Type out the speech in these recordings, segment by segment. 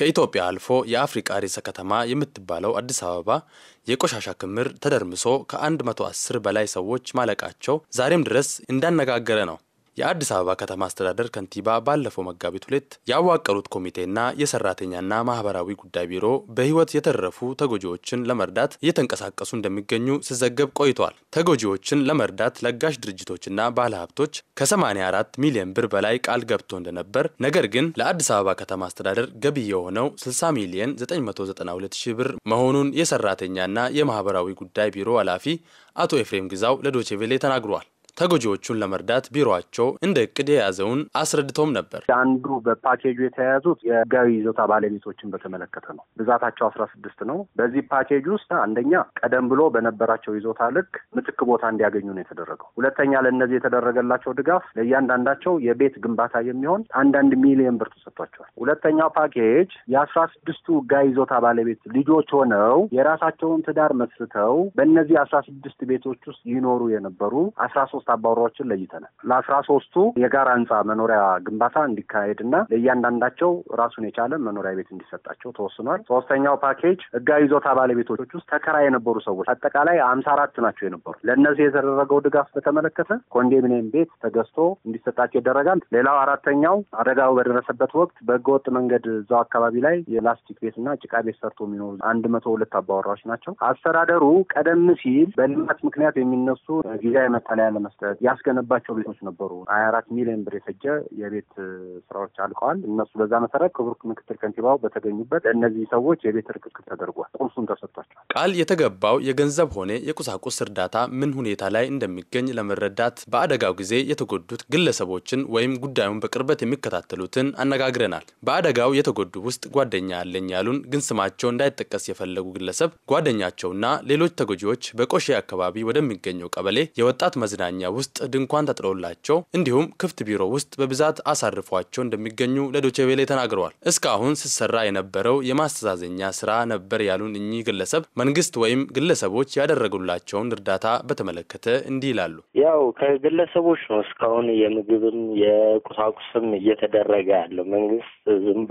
ከኢትዮጵያ አልፎ የአፍሪቃ ርዕሰ ከተማ የምትባለው አዲስ አበባ የቆሻሻ ክምር ተደርምሶ ከ110 በላይ ሰዎች ማለቃቸው ዛሬም ድረስ እንዳነጋገረ ነው። የአዲስ አበባ ከተማ አስተዳደር ከንቲባ ባለፈው መጋቢት ሁለት ያዋቀሩት ኮሚቴና የሰራተኛና ማህበራዊ ጉዳይ ቢሮ በህይወት የተረፉ ተጎጂዎችን ለመርዳት እየተንቀሳቀሱ እንደሚገኙ ሲዘገብ ቆይቷል። ተጎጂዎችን ለመርዳት ለጋሽ ድርጅቶችና ባለሀብቶች ከ84 ሚሊዮን ብር በላይ ቃል ገብቶ እንደነበር፣ ነገር ግን ለአዲስ አበባ ከተማ አስተዳደር ገቢ የሆነው 60 ሚሊዮን 992 ሺህ ብር መሆኑን የሰራተኛና የማህበራዊ ጉዳይ ቢሮ ኃላፊ አቶ ኤፍሬም ግዛው ለዶቼቬሌ ተናግሯል። ተጎጂዎቹን ለመርዳት ቢሮቸው እንደ እቅድ የያዘውን አስረድቶም ነበር። አንዱ በፓኬጁ የተያያዙት የህጋዊ ይዞታ ባለቤቶችን በተመለከተ ነው። ብዛታቸው አስራ ስድስት ነው። በዚህ ፓኬጅ ውስጥ አንደኛ ቀደም ብሎ በነበራቸው ይዞታ ልክ ምትክ ቦታ እንዲያገኙ ነው የተደረገው። ሁለተኛ ለእነዚህ የተደረገላቸው ድጋፍ ለእያንዳንዳቸው የቤት ግንባታ የሚሆን አንዳንድ ሚሊዮን ብር ተሰጥቷቸዋል። ሁለተኛው ፓኬጅ የአስራ ስድስቱ ህጋዊ ይዞታ ባለቤት ልጆች ሆነው የራሳቸውን ትዳር መስርተው በእነዚህ አስራ ስድስት ቤቶች ውስጥ ይኖሩ የነበሩ አስራ ሶስት ሶስት አባወራዎችን ለይተናል። ለአስራ ሶስቱ የጋራ ህንፃ መኖሪያ ግንባታ እንዲካሄድና ለእያንዳንዳቸው ራሱን የቻለ መኖሪያ ቤት እንዲሰጣቸው ተወስኗል። ሶስተኛው ፓኬጅ ህጋዊ ይዞታ ባለቤቶች ውስጥ ተከራይ የነበሩ ሰዎች አጠቃላይ አምሳ አራት ናቸው የነበሩ። ለእነዚህ የተደረገው ድጋፍ በተመለከተ ኮንዶሚኒየም ቤት ተገዝቶ እንዲሰጣቸው ይደረጋል። ሌላው አራተኛው አደጋው በደረሰበት ወቅት በህገወጥ መንገድ እዛው አካባቢ ላይ የላስቲክ ቤትና ጭቃ ቤት ሰርቶ የሚኖሩ አንድ መቶ ሁለት አባወራዎች ናቸው። አስተዳደሩ ቀደም ሲል በልማት ምክንያት የሚነሱ ጊዜያዊ መጠለያ ለመስ በመስጠት ያስገነባቸው ቤቶች ነበሩ። ሀያ አራት ሚሊዮን ብር የፈጀ የቤት ስራዎች አልቀዋል። እነሱ በዛ መሰረት ክቡር ምክትል ከንቲባው በተገኙበት እነዚህ ሰዎች የቤት ርክክብ ተደርጓል። እሱን ተሰጥቷቸዋል። ቃል የተገባው የገንዘብ ሆነ የቁሳቁስ እርዳታ ምን ሁኔታ ላይ እንደሚገኝ ለመረዳት በአደጋው ጊዜ የተጎዱት ግለሰቦችን ወይም ጉዳዩን በቅርበት የሚከታተሉትን አነጋግረናል። በአደጋው የተጎዱ ውስጥ ጓደኛ አለኝ ያሉን ግን ስማቸው እንዳይጠቀስ የፈለጉ ግለሰብ ጓደኛቸውና ሌሎች ተጎጂዎች በቆሼ አካባቢ ወደሚገኘው ቀበሌ የወጣት መዝናኛ ውስጥ ድንኳን ተጥሎላቸው እንዲሁም ክፍት ቢሮ ውስጥ በብዛት አሳርፏቸው እንደሚገኙ ለዶቼ ቬሌ ተናግረዋል። እስካሁን ስሰራ የነበረው የማስተዛዘኛ ስራ ነበር ያሉን እኚህ ግለሰብ መንግስት ወይም ግለሰቦች ያደረጉላቸውን እርዳታ በተመለከተ እንዲህ ይላሉ። ያው ከግለሰቦች ነው እስካሁን የምግብም የቁሳቁስም እየተደረገ ያለው መንግስት ዝንብ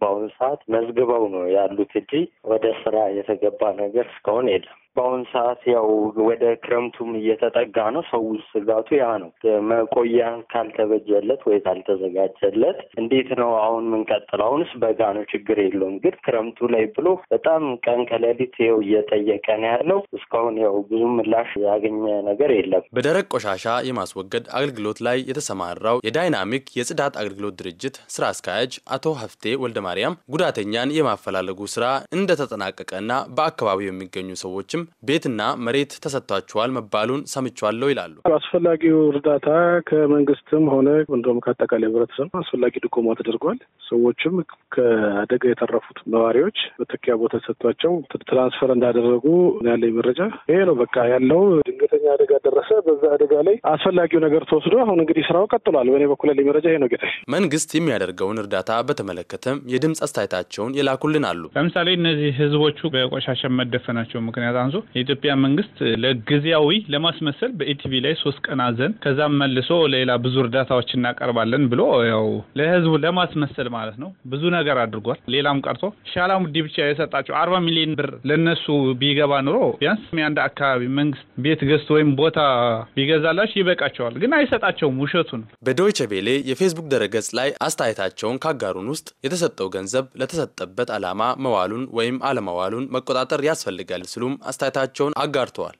በአሁኑ ሰዓት መዝግበው ነው ያሉት እንጂ ወደ ስራ የተገባ ነገር እስካሁን የለም። በአሁኑ ሰዓት ያው ወደ ክረምቱም እየተጠጋ ነው። ሰው ስጋቱ ያ ነው። መቆያ ካልተበጀለት ወይ ካልተዘጋጀለት እንዴት ነው አሁን የምንቀጥለው? አሁንስ በጋ ነው፣ ችግር የለውም ግን ክረምቱ ላይ ብሎ በጣም ቀ ቀን ከሌሊት ይኸው እየጠየቀ ነው ያለው። እስካሁን ያው ብዙ ምላሽ ያገኘ ነገር የለም። በደረቅ ቆሻሻ የማስወገድ አገልግሎት ላይ የተሰማራው የዳይናሚክ የጽዳት አገልግሎት ድርጅት ስራ አስኪያጅ አቶ ሀፍቴ ወልደ ማርያም ጉዳተኛን የማፈላለጉ ስራ እንደተጠናቀቀና በአካባቢው የሚገኙ ሰዎችም ቤትና መሬት ተሰጥቷቸዋል መባሉን ሰምቻለሁ ይላሉ። አስፈላጊው እርዳታ ከመንግስትም ሆነ እንደውም ከአጠቃላይ ህብረተሰብ አስፈላጊ ድጎማ ተደርጓል። ሰዎችም ከአደጋ የተረፉት ነዋሪዎች መተኪያ ቦታ ተሰጥቷቸው ትራንስፈር እንዳደረጉ ያለኝ መረጃ ይሄ ነው። በቃ ያለው ድንገተኛ አደጋ ደረሰ። አደጋ ላይ አስፈላጊው ነገር ተወስዶ አሁን እንግዲህ ስራው ቀጥሏል። በእኔ በኩል ያለኝ መረጃ ይሄ ነው። ጌታ መንግስት የሚያደርገውን እርዳታ በተመለከተም የድምፅ አስተያየታቸውን የላኩልን አሉ። ለምሳሌ እነዚህ ህዝቦቹ በቆሻሻ መደፈናቸው ምክንያት አንሶ የኢትዮጵያ መንግስት ለጊዜያዊ ለማስመሰል በኢቲቪ ላይ ሶስት ቀን አዘን ከዛም መልሶ ሌላ ብዙ እርዳታዎች እናቀርባለን ብሎ ያው ለህዝቡ ለማስመሰል ማለት ነው ብዙ ነገር አድርጓል። ሌላም ቀርቶ ሻላሙዲ ብቻ የሰጣቸው አርባ ሚሊዮን ብር ለነሱ ቢገባ ኑሮ ቢያንስ የአንድ አካባቢ መንግስት ቤት ገዝቶ ወይም ቦታ ቢገዛላሽ ይበቃቸዋል፣ ግን አይሰጣቸውም። ውሸቱ ነው። በዶይቸ ቬሌ የፌስቡክ ድረገጽ ላይ አስተያየታቸውን ካጋሩን ውስጥ የተሰጠው ገንዘብ ለተሰጠበት ዓላማ መዋሉን ወይም አለመዋሉን መቆጣጠር ያስፈልጋል ሲሉም አስተያየታቸውን አጋርተዋል።